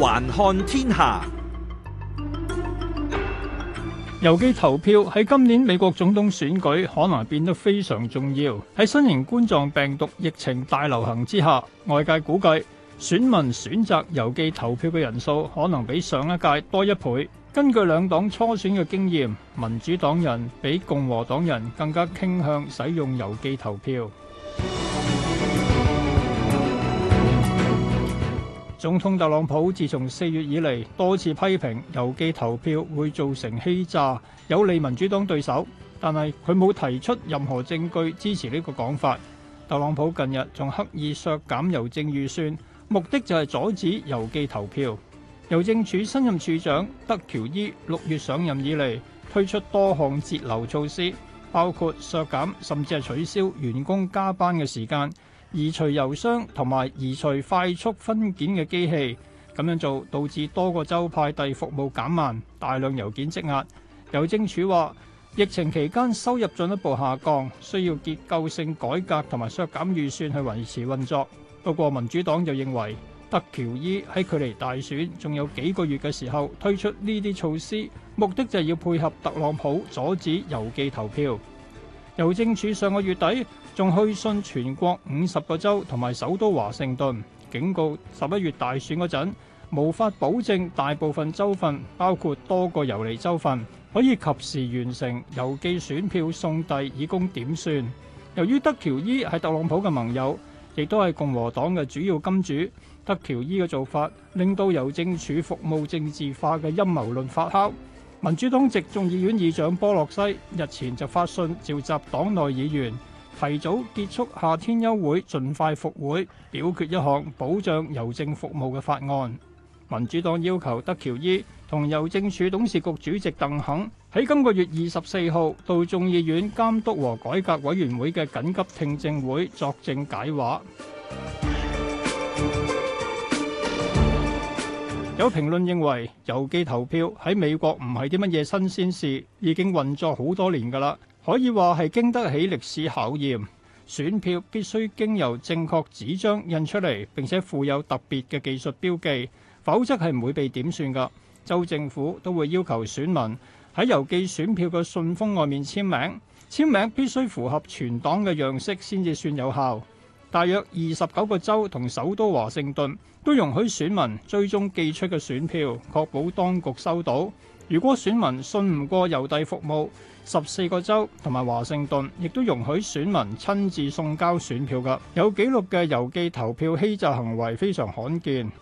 環看天下，郵寄投票喺今年美國總統選舉可能變得非常重要。喺新型冠狀病毒疫情大流行之下，外界估計選民選擇郵寄投票嘅人數可能比上一屆多一倍。根據兩黨初選嘅經驗，民主黨人比共和黨人更加傾向使用郵寄投票。總統特朗普自從四月以嚟多次批評郵寄投票會造成欺詐，有利民主黨對手，但係佢冇提出任何證據支持呢個講法。特朗普近日仲刻意削減郵政預算，目的就係阻止郵寄投票。郵政署新任署長德喬伊六月上任以嚟推出多項節流措施，包括削減甚至係取消員工加班嘅時間。移除郵箱同埋移除快速分揀嘅機器，咁樣做導致多個州派遞服務減慢，大量郵件積壓。郵政署話，疫情期間收入進一步下降，需要結構性改革同埋削減預算去維持運作。不過民主黨就認為，德喬伊喺距離大選仲有幾個月嘅時候推出呢啲措施，目的就係要配合特朗普阻止郵寄投票。郵政署上個月底仲去信全國五十個州同埋首都華盛頓，警告十一月大選嗰陣，無法保證大部分州份，包括多個遊離州份，可以及時完成郵寄選票送遞，以供點算。由於德喬伊係特朗普嘅盟友，亦都係共和黨嘅主要金主，德喬伊嘅做法令到郵政署服務政治化嘅陰謀論發酵。民主黨籍眾議院議長波洛西日前就發信召集黨內議員，提早結束夏天休會，盡快復會表決一項保障郵政服務嘅法案。民主黨要求德喬伊同郵政署董事局主席鄧肯喺今個月二十四號到眾議院監督和改革委員會嘅緊急聽證會作證解話。有評論認為郵寄投票喺美國唔係啲乜嘢新鮮事，已經運作好多年㗎啦，可以話係經得起歷史考驗。選票必須經由正確紙張印出嚟，並且附有特別嘅技術標記，否則係唔會被點算㗎。州政府都會要求選民喺郵寄選票嘅信封外面簽名，簽名必須符合全黨嘅樣式先至算有效。大約二十九個州同首都華盛頓都容許選民追蹤寄出嘅選票，確保當局收到。如果選民信唔過郵遞服務，十四個州同埋華盛頓亦都容許選民親自送交選票嘅。有記錄嘅郵寄投票欺詐行為非常罕見。